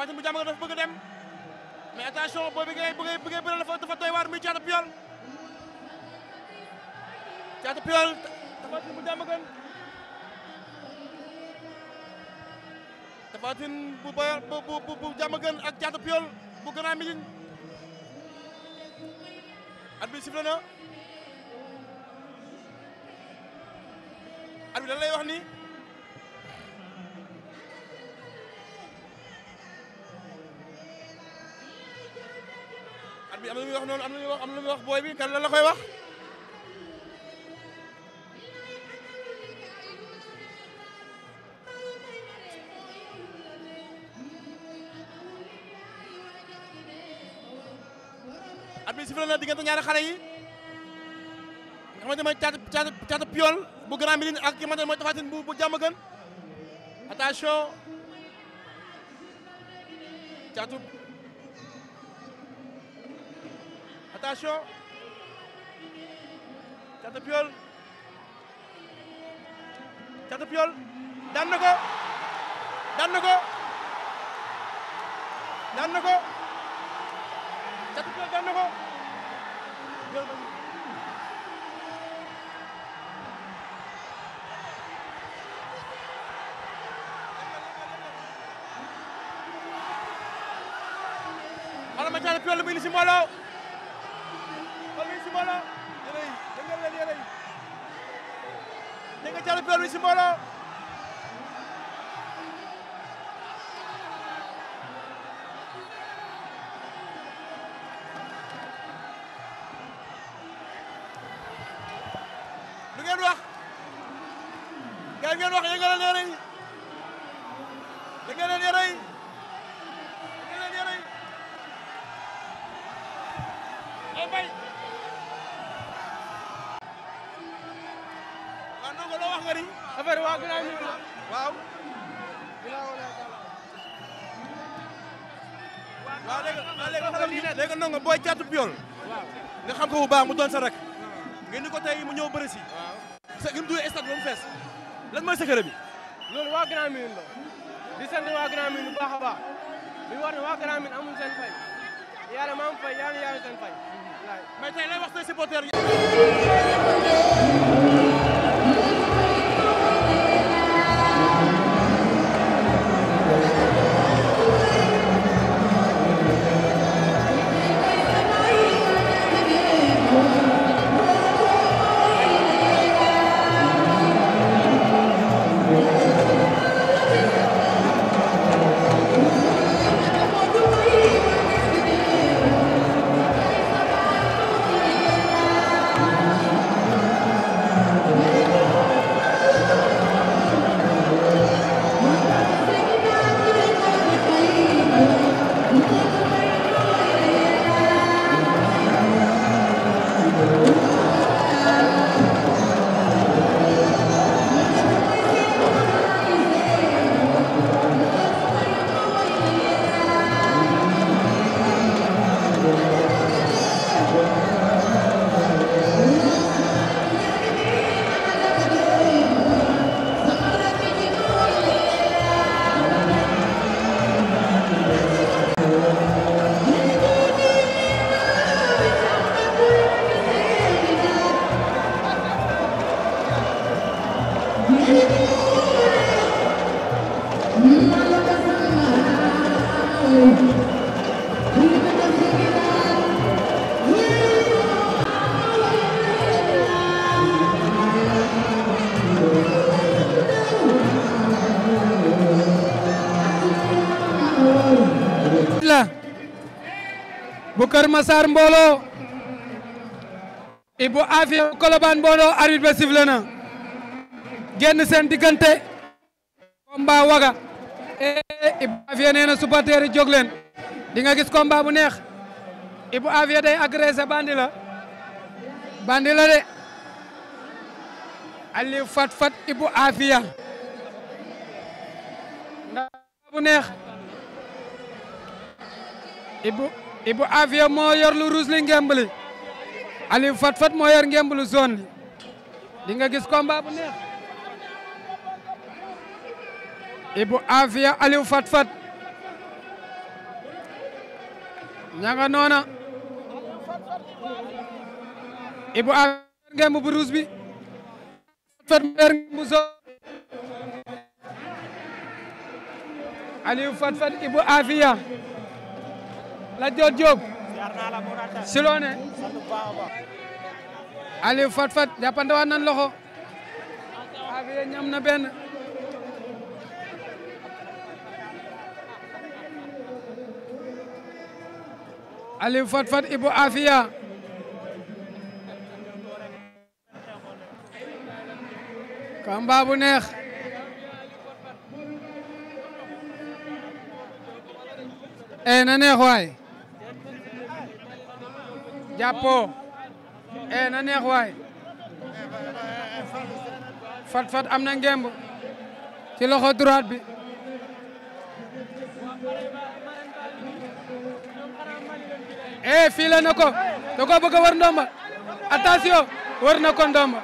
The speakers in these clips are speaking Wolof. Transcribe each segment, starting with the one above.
Fatim bu jàmm dafa bëgg dem mais attention booy bi ngay bëggee bëggee bu gën a miin at bi sifflé na bi lan lay bi am na muy wax noonu am na muy wax am na muy booy bi kan la koy wax. at bi sifflé na diggante ñaari xale yi nga xamante mooy caatu caatu bu Grand Médine ak ki nga mooy Tapha Tine bu bu Diamaguène attention caatu. attention Caatu Piol Caatu Piol daan na ko daan na ko daan na ko Caatu Piol daan jàll pelu si mbooloo lu ngeen wax ngeen ngeen wax yëngal leen yoon nga xam ko bu baax mu doon sa rak ngeen ni ko tey mu ñëw bëri si sa li mu duggee stade ba mu fees lan mooy secret bi loolu waa Grand Médine la di sant waa a Médine bu baax a baax li war na waa Grand Médine amul seen fay yàlla maam fay yàlla yàlla seen fay mais tey lay wax say supporters Kër Massar mbooloo Ibou Afia Colobane mbooloo arbitre ba sifflé na génn seen diggante combat waga eh, eh, Ibou Afia nee na supporter yi jóg gis combat bu neex Ibou Afia day agressé bandi la de Aliou Fat Fat Ibou Afia ndax bu neex Ibou Ibou Afia moo yor lu ruus li ngemb li Aliou Fat moo yor ngemb lu zone li di nga gis combat bu neex Ibou Afia Aliou Fat Fat ña nga noona Ibou Afia ngemb bi Fat Fat Lat Dior Diop si loo ne Aliou Fat Fat loxo avié ñam na benn Aliou Fat Fat Ibou Afia kamba bu neex e na neex waay jàppoo e eh, na neex waay fat fat am na ngemb ci loxo droite bi e eh, fiile na ko da ko bëgg a ndomba attention war na ko ndomba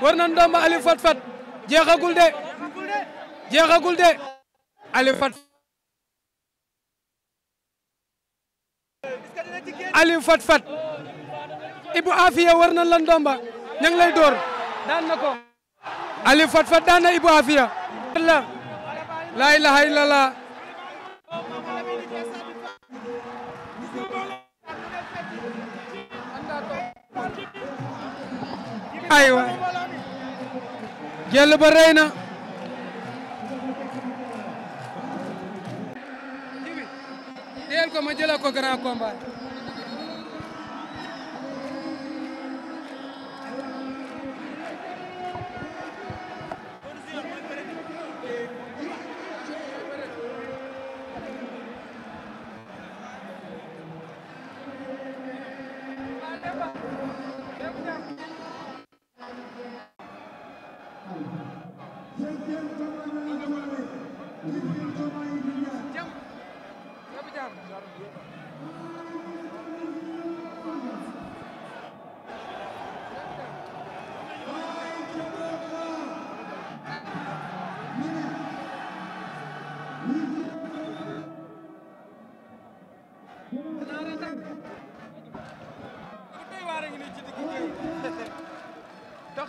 war na ndomba Aliou Fat Fat jeexagul de jeexagul de Aliou Fat Aliou Fat Fat Ibou Afia war na la ndomba ña lay door daan na ko Aliou Fat Fat daan na Ibou Afia la laa ilaha aywa jël ba rëy na ko ma jëlee ko grand combat. Thank you.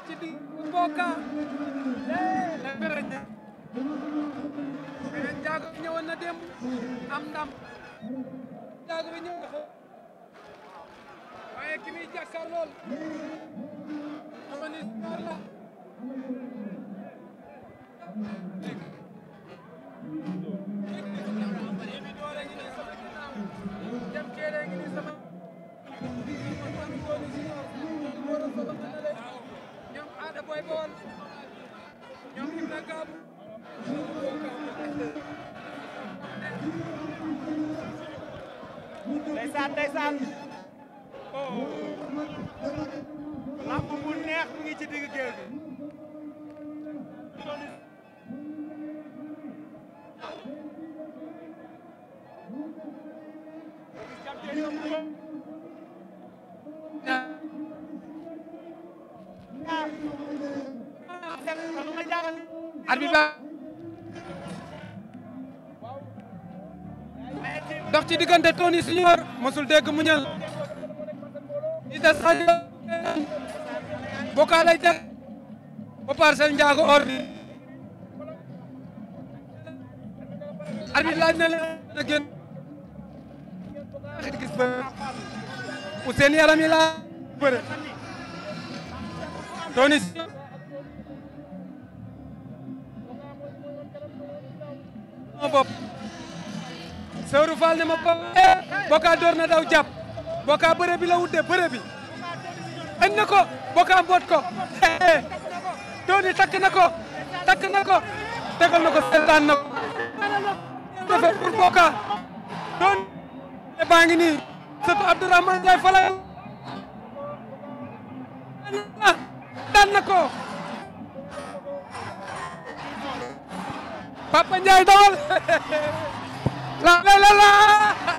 jadi Mboka la Bébé Diago bi ñëwoon na démb am ndam Diago bi ñëw na ko waaye ki muy jàkkaar lool dama ni star la dem kee de Boy arbitre ba ci diggante Tony Junior mosul dégg mu ñal i des xajo boka lay teg Popar Sène Ndiago ordi arbitre laaj na na génn gis ba yaram yi la bëre sama bopp Sewru Fall ne ma bopp eh, Boka door na daw jàpp Boka bëre la wut de bëre bi ko Boka mboot ko eh, Tony takk ko takk ko tegal ko seetaan ko defee pour Boka Tony baa ngi nii surtout Abdourahmane Ndiaye Falaye daan ko Papa Ndiaye dawal la la la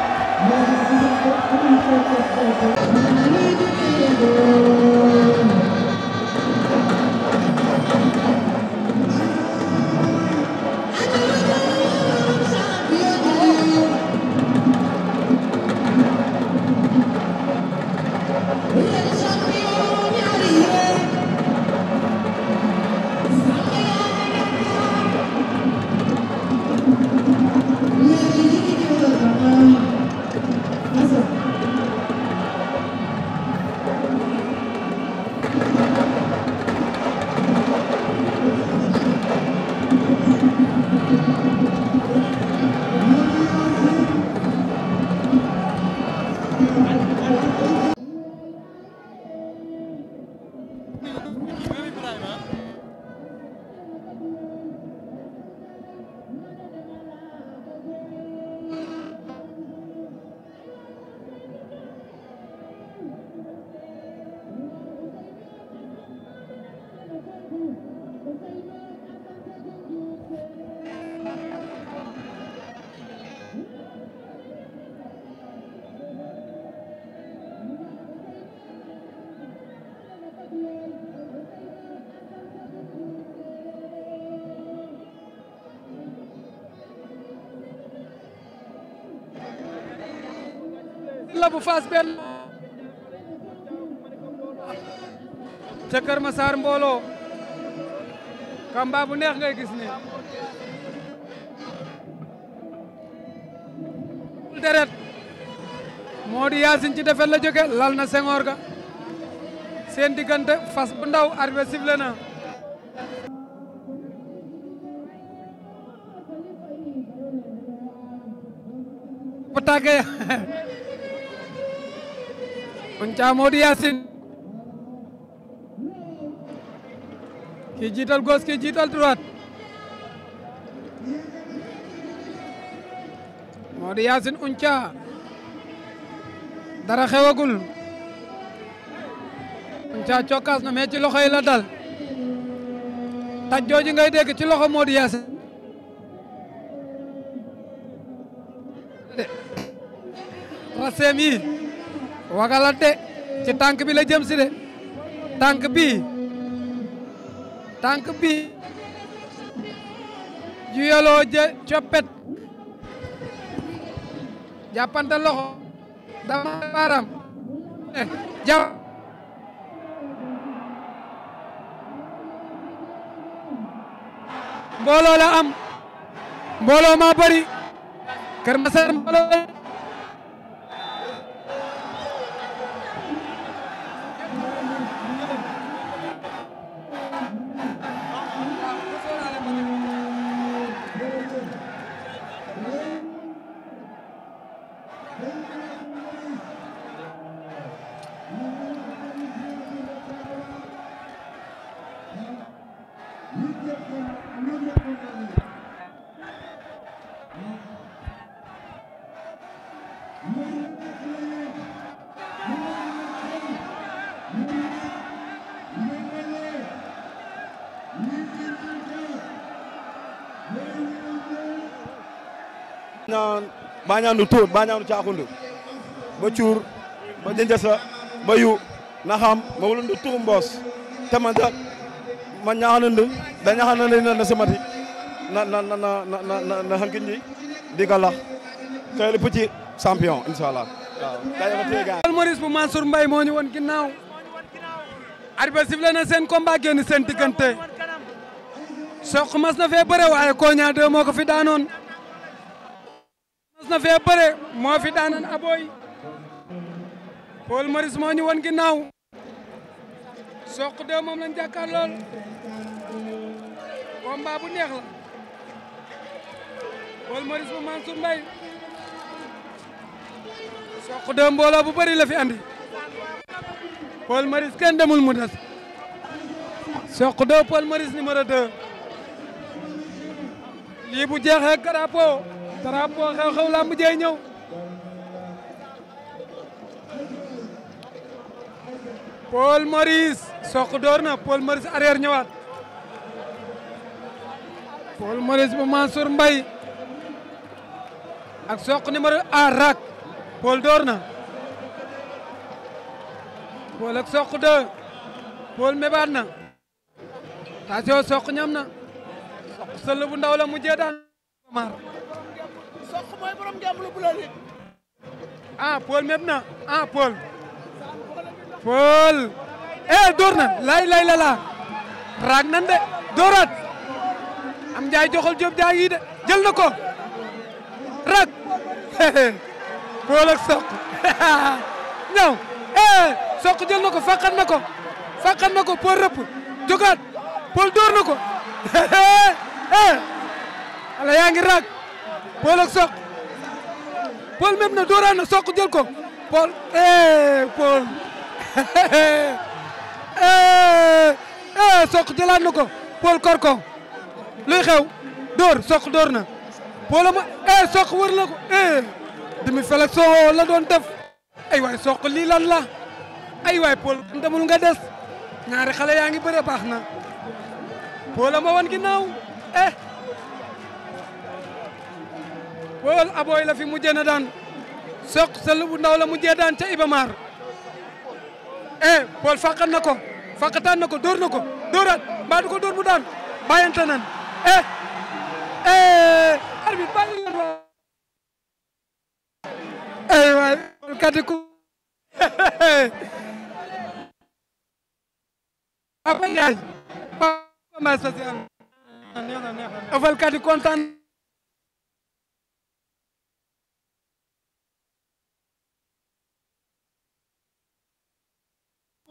Thank you. bu Fass benn ca Kër Massar mbooloo kamba bu neex ngay gis ni deret moo di yaasin ci defet la jóge lal na sengoor ga seen diggante fas bu ndaw arbitre sifflé na bu tàggee Kounthia Modou Yacine ki jiital gauche ki jiital droite Modou Yacine Kounthia dara xewagul cokkaas na mais ci loxo yi la dal taj jooju ngay dégg ci loxo Modou Yacine raseem yi wagalante ci tànk bi la jëm si de tànk bi tànk bii juyaloo jë coppet jàppante loxo dama baaram eh, ja mbooloo la am mbooloo maa bëri Kër Masar mbooloo ñaan mbañaanu tuun mbañaanu caaxundu ba cuur ba jënjësa ba yu na xam ma wulundu tuum mboos te ma da ma ñaxanundu da ñaxanundu na na samati na na na na na na hankin ji di ka lax xeeli petit champion inshallah waaw da yafa teega Maurice bu Mansour Mbaye moo ñu woon ginnaaw arbitre sifflé na seen combat génn seen diggante soq mas na fee bëre waaye Konia 2 moo ko fi daanoon mas na fee bëre moo fi daanoon aboy Paul Maurice moo ñu won ginnaaw soq 2 moom lañ jàkkaar lool combat bu neex la Paul Maurice bu Mansour Mbaye soq 2 mbooloo bu bëri la fi andi Paul Maurice kenn demul mu des soq 2 Paul Maurice numéro 2 lii bu jeexee drapeau drapeau xew-xew làmb jee ñëw Paul Maurice soq door na Paul Maurice arrière ñëwaat Paul Maurice bu Mansour Mbaye ak soq numéro a rak Paul door na ak soq deux Paul mébaat na attention soq ñam na sëll bu ndaw la mu jee daan maar soq mooy borom jàmbur bu ah, na ah Paul Paul eh, door na lay lay la raag nan de dooraat am njaay joxol job jaa de jël na ko raag Paul ak soq ñaw eh soq jël na ko fàqat na ko fàqat na ko Paul rëpp jogaat Paul door na ko eh ala yaa ngi raag Paul ak na dóoraan na Sokh jël ko Paul eh Paul eh eh Sokh jëlaat ko Paul kor ko luy xew dóor Sokh dóor na Paul ama eh Sokh wër na ko eh demi flexion la doon def ay waay Sokh lii lan la ay waay Paul demul nga des ñaari xale yaa ngi bëre baax na Paul ama wan ginnaaw eh bool abooy la fi mujjee na daan soq sël bu ndaw la mujjee daan ca Ibamar eh bool fàqat na ko fàqataan na ko dóor na ko dóoraat mbaa du dóor mu daan bàyyante nan eh eh arbitre bàyyi leen eh, waay ay waay kati ku apa yaay pa ma social ëffalkat yi kontaan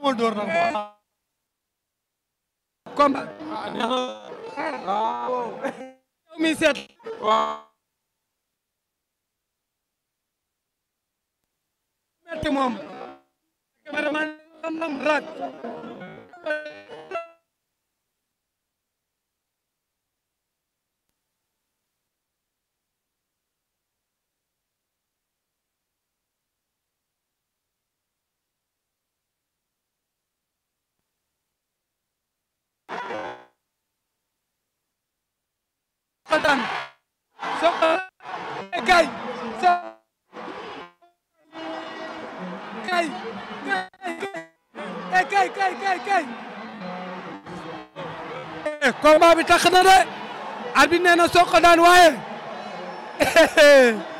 moo door na comme yow mi seet metti moom cameraman am rak kontaan soxla kay kay kay kay kay kay combat bi tax na de arbitre nee na Sokh daan waaye